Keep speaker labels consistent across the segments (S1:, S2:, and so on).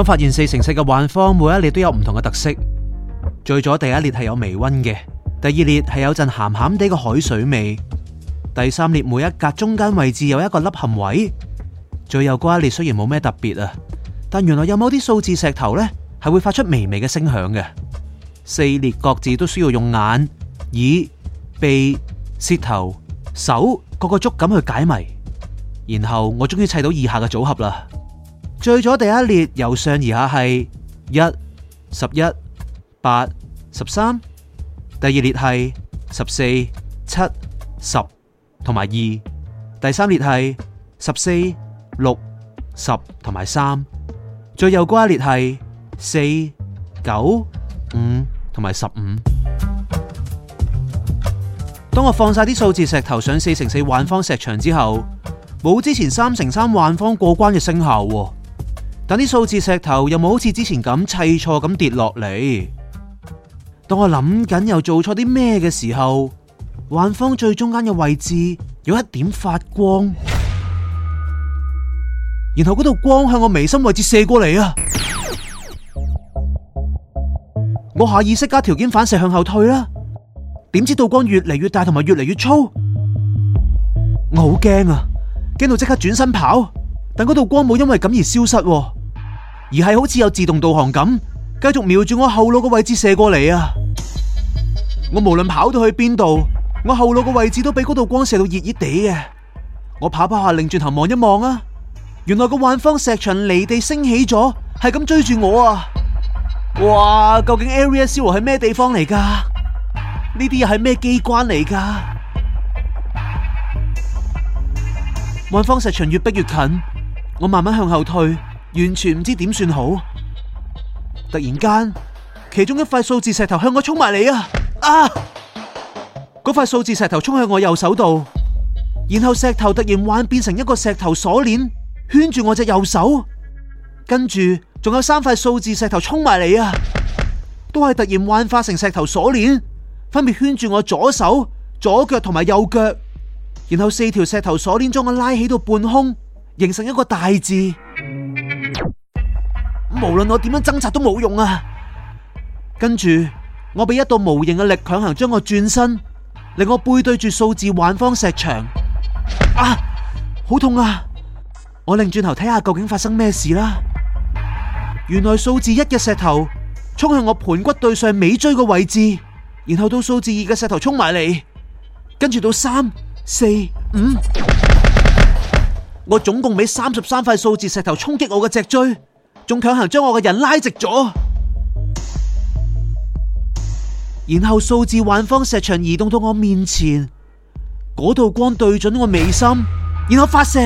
S1: 我發現四乘四嘅幻方每一列都有唔同嘅特色。最左第一列係有微溫嘅，第二列係有陣鹹鹹地嘅海水味，第三列每一格中間位置有一個凹陷位，最右嗰一列雖然冇咩特別啊，但原來有某啲數字石頭呢係會發出微微嘅聲響嘅。四列各自都需要用眼、耳、鼻、舌頭、手各個觸感去解謎，然後我終於砌到以下嘅組合啦。最左第一列由上而下係一、十一、八、十三；第二列係十四、七、十同埋二；第三列係十四、六、十同埋三；最右嗰一列係四、九、五同埋十五。當我放晒啲數字石頭上四乘四幻方石牆之後，冇之前三乘三幻方過關嘅聲效。但啲數字石頭又冇好似之前咁砌錯咁跌落嚟。當我諗緊又做錯啲咩嘅時候，幻方最中間嘅位置有一點發光，然後嗰度光向我眉心位置射過嚟啊！我下意識加條件反射向後退啦。點知道光越嚟越大同埋越嚟越粗，我好驚啊！驚到即刻轉身跑，但嗰度光冇因為咁而消失，而係好似有自動導航咁，繼續瞄住我後腦嘅位置射過嚟啊！我無論跑到去邊度，我後腦嘅位置都俾嗰度光射到熱熱地嘅。我跑跑下，擰轉頭望一望啊！原來個幻方石牆離地升起咗，係咁追住我啊！哇！究竟 Area Zero 係咩地方嚟噶？呢啲又係咩機關嚟噶？幻方石牆越逼越近，我慢慢向後退。完全唔知點算好。突然間，其中一塊數字石頭向我衝埋嚟啊！啊！嗰塊數字石頭衝向我右手度，然後石頭突然幻變成一個石頭鎖鏈，圈住我隻右手。跟住仲有三塊數字石頭衝埋嚟啊！都係突然幻化成石頭鎖鏈，分別圈住我左手、左腳同埋右腳。然後四條石頭鎖鏈將我拉起到半空，形成一個大字。無論我點樣掙扎都冇用啊！跟住我被一道無形嘅力強行將我轉身，令我背對住數字幻方石牆。啊，好痛啊！我擰轉頭睇下究竟發生咩事啦。原來數字一嘅石頭衝向我盤骨對上尾椎嘅位置，然後到數字二嘅石頭衝埋嚟，跟住到三、四、五，我總共俾三十三塊數字石頭衝擊我嘅脊椎。仲強行將我嘅人拉直咗，然後數字幻方石牆移動到我面前，嗰道光對準我眉心，然後發射。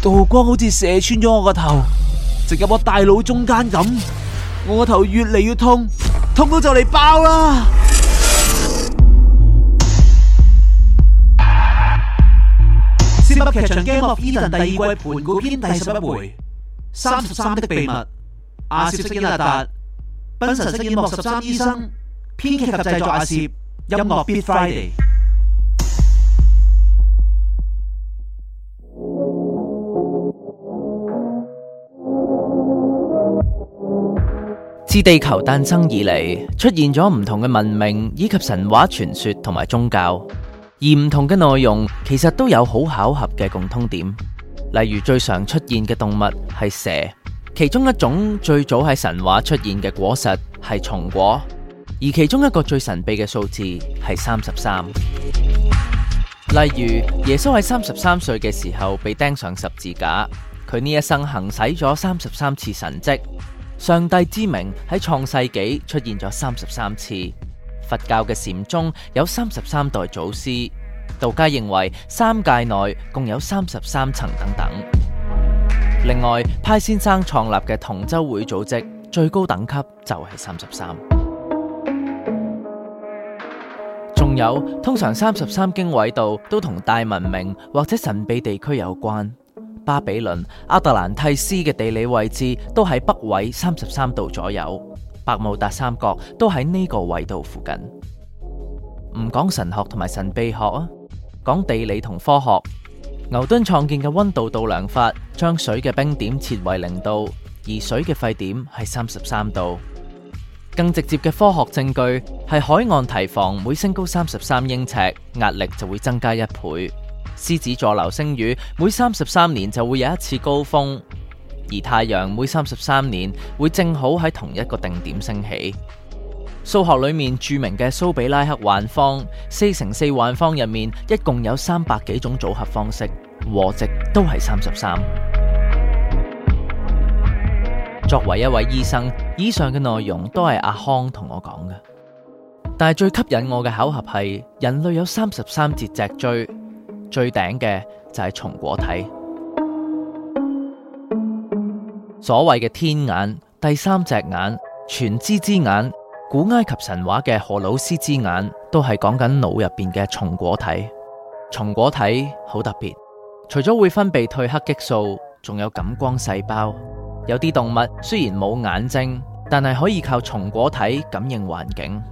S1: 道光好似射穿咗我個頭，直入我大腦中間咁，我個頭越嚟越痛，痛到就嚟爆啦！《Zip 噏劇場》Game of Eden 第二季盤古
S2: 篇第十一回《三十三的秘密》，阿攝飾演阿
S1: 達，彬臣飾演莫十三醫生，編劇及製作阿攝，音樂 Beat Friday。
S3: 自地球誕生以嚟，出現咗唔同嘅文明，以及神話傳說同埋宗教。而唔同嘅內容其實都有好巧合嘅共通點，例如最常出現嘅動物係蛇，其中一種最早喺神話出現嘅果實係松果，而其中一個最神秘嘅數字係三十三。例如耶穌喺三十三歲嘅時候被釘上十字架，佢呢一生行使咗三十三次神蹟，上帝之名喺創世紀出現咗三十三次。佛教嘅禪宗有三十三代祖師，道家認為三界內共有三十三層等等。另外，派先生創立嘅同舟會組織最高等級就係三十三。仲有，通常三十三經緯度都同大文明或者神秘地區有關。巴比倫、阿特蘭蒂斯嘅地理位置都喺北緯三十三度左右。百慕達三角都喺呢個緯度附近，唔講神學同埋神秘學啊，講地理同科學。牛頓創建嘅溫度度量法，將水嘅冰點設為零度，而水嘅沸點係三十三度。更直接嘅科學證據係海岸堤防每升高三十三英尺，壓力就會增加一倍。獅子座流星雨每三十三年就會有一次高峰。而太陽每三十三年會正好喺同一個定點升起。數學裏面著名嘅蘇比拉克幻方四乘四幻方入面，一共有三百幾種組合方式，和值都係三十三。作為一位醫生，以上嘅內容都係阿康同我講嘅。但係最吸引我嘅巧合係，人類有三十三節脊椎，最頂嘅就係松果體。所謂嘅天眼、第三隻眼、全知之眼、古埃及神話嘅荷魯斯之眼，都係講緊腦入邊嘅松果體。松果體好特別，除咗會分泌褪黑激素，仲有感光細胞。有啲動物雖然冇眼睛，但係可以靠松果體感應環境。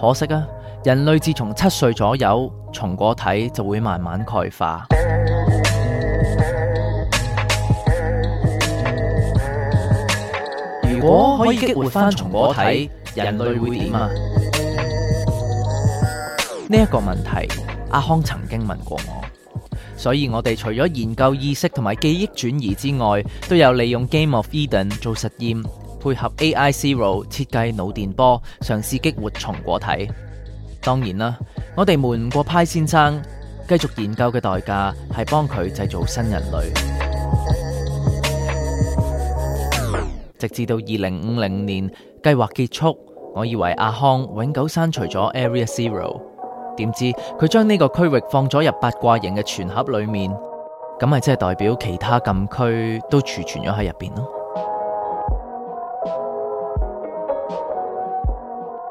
S3: 可惜啊，人類自從七歲左右，松果體就會慢慢鈣化。如果可以激活返松果體，人類會點啊？呢一、哦、個問題，阿康曾經問過我，所以我哋除咗研究意識同埋記憶轉移之外，都有利用《Game of Eden》做實驗，配合 AI 0設計腦電波，嘗試激活松果體。當然啦，我哋瞞唔過 π 先生，繼續研究嘅代價係幫佢製造新人類。直至到二零五零年計劃結束，我以為阿康永久刪除咗 Area Zero，點知佢將呢個區域放咗入八卦型嘅全盒裏面，咁咪即係代表其他禁區都儲存咗喺入邊咯。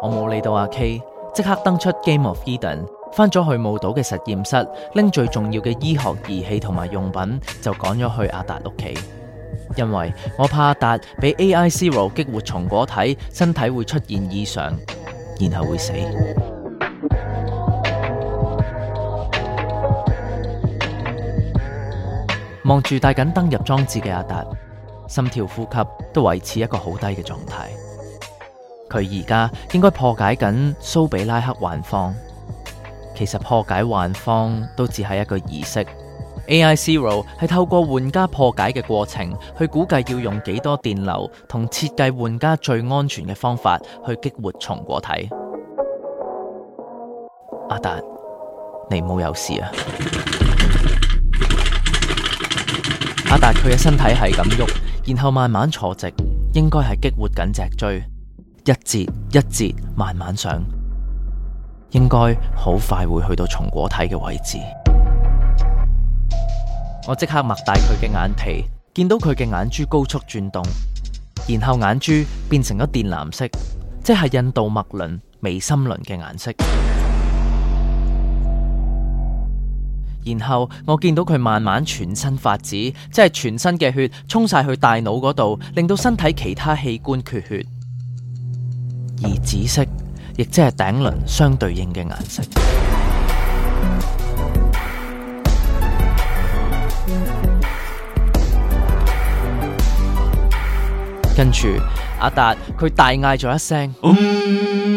S3: 我冇理到阿 K，即刻登出 Game of Eden，返咗去墓島嘅實驗室，拎最重要嘅醫學儀器同埋用品，就趕咗去阿達屋企。因為我怕阿達俾 AI Zero 激活松果體，身體會出現異常，然後會死。望住戴緊登入裝置嘅阿達，心跳呼吸都維持一個好低嘅狀態。佢而家應該破解緊蘇比拉克幻方，其實破解幻方都只係一個儀式。A.I. Zero 係透過玩家破解嘅過程去估計要用幾多電流，同設計玩家最安全嘅方法去激活松果體。阿達，你冇有事啊？阿達佢嘅身體係咁喐，然後慢慢坐直，應該係激活緊脊椎，一節一節慢慢上，應該好快會去到松果體嘅位置。我即刻擘大佢嘅眼皮，見到佢嘅眼珠高速轉動，然後眼珠變成咗電藍色，即係印度脈輪、眉心輪嘅顏色。 然後我見到佢慢慢全身發紫，即係全身嘅血沖晒去大腦嗰度，令到身體其他器官缺血，而紫色亦即係頂輪相對應嘅顏色。 跟住阿達，佢大嗌咗一聲。嗯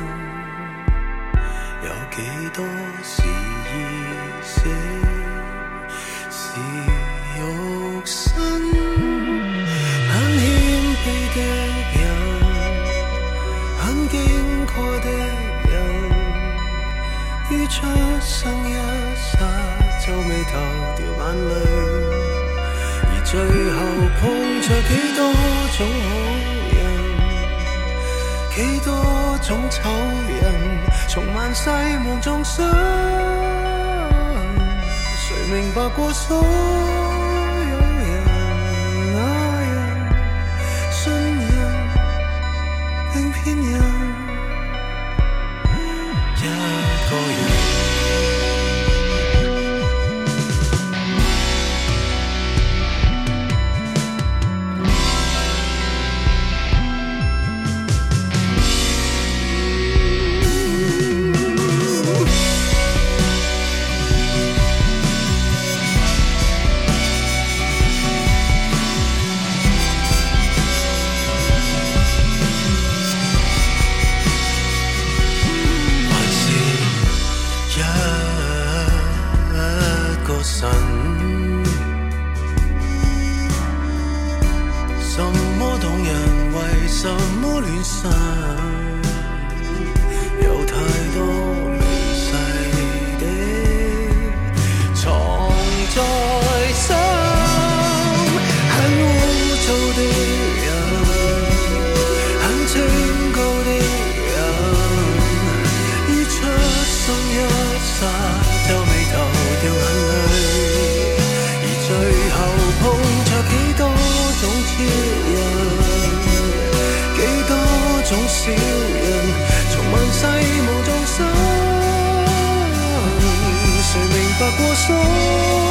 S2: 多是意識，是肉身。很謙、嗯、卑的人，很矜貴的人，於、嗯、出生一剎皺眉頭、掉眼淚，嗯、而最後碰着幾多種。眾丑人從萬世望眾生，誰明白過數？我說。